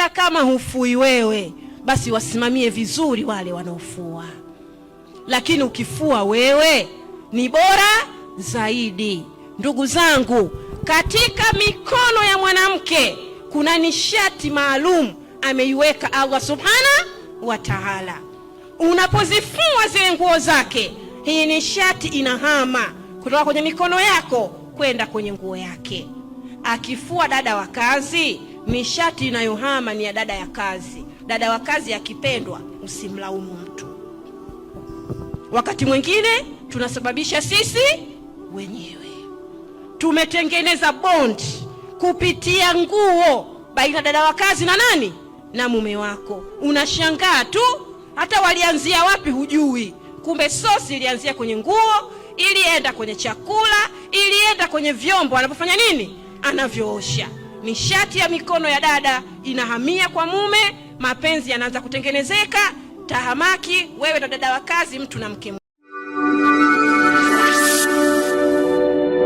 hata kama hufui wewe, basi wasimamie vizuri wale wanaofua, lakini ukifua wewe ni bora zaidi. Ndugu zangu, katika mikono ya mwanamke kuna nishati maalum ameiweka Allah subhana wa taala. Unapozifua zile nguo zake, hii nishati inahama kutoka kwenye mikono yako kwenda kwenye nguo yake. Akifua dada wa kazi mishati inayohama ni ya dada ya kazi. Dada wa kazi akipendwa, usimlaumu mtu. Wakati mwingine tunasababisha sisi wenyewe. Tumetengeneza bondi kupitia nguo baina dada wa kazi na nani na mume wako. Unashangaa tu, hata walianzia wapi hujui. Kumbe sosi ilianzia kwenye nguo, ilienda kwenye chakula, ilienda kwenye vyombo anapofanya nini, anavyoosha nishati ya mikono ya dada inahamia kwa mume, mapenzi yanaanza kutengenezeka. Tahamaki wewe na dada wa kazi, mtu na mke.